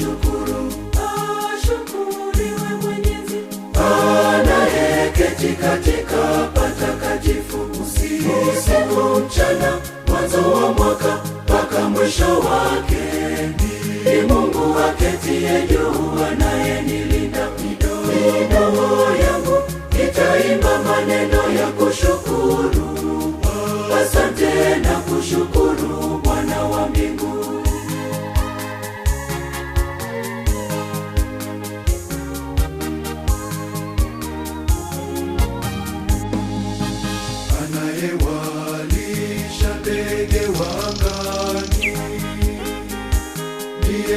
Ah, shukuru, ashukuriwe Mwenyezi anayeketi katika usiku mchana, mwanzo wa mwaka mpaka mwisho wake. Ni Mungu aketiye juu anayenilinda, midomo yangu itaimba maneno ya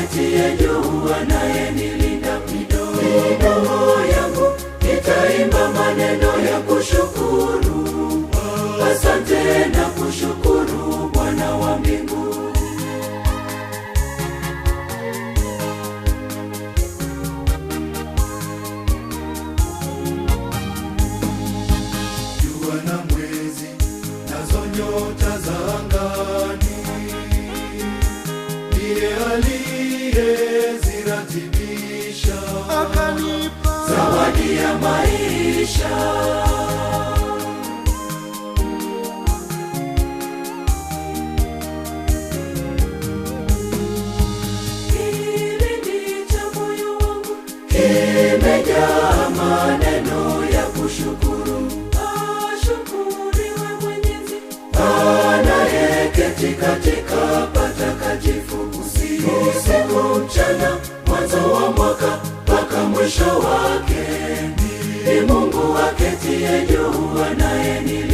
aketie juu anayenilinda midomo yangu nitaimba maneno ya kushukuru asante na kushukuru bwana wa mbingu jua na mwezi nazo nyota za angani ndiye aliye zile zinatibisha, akanipa zawadi ya maisha. Imejaa maneno ya kushukuru, ashukuriwe Mwenyezi anayeketi katika mwisho wake ni Mungu aketie juu anayenilea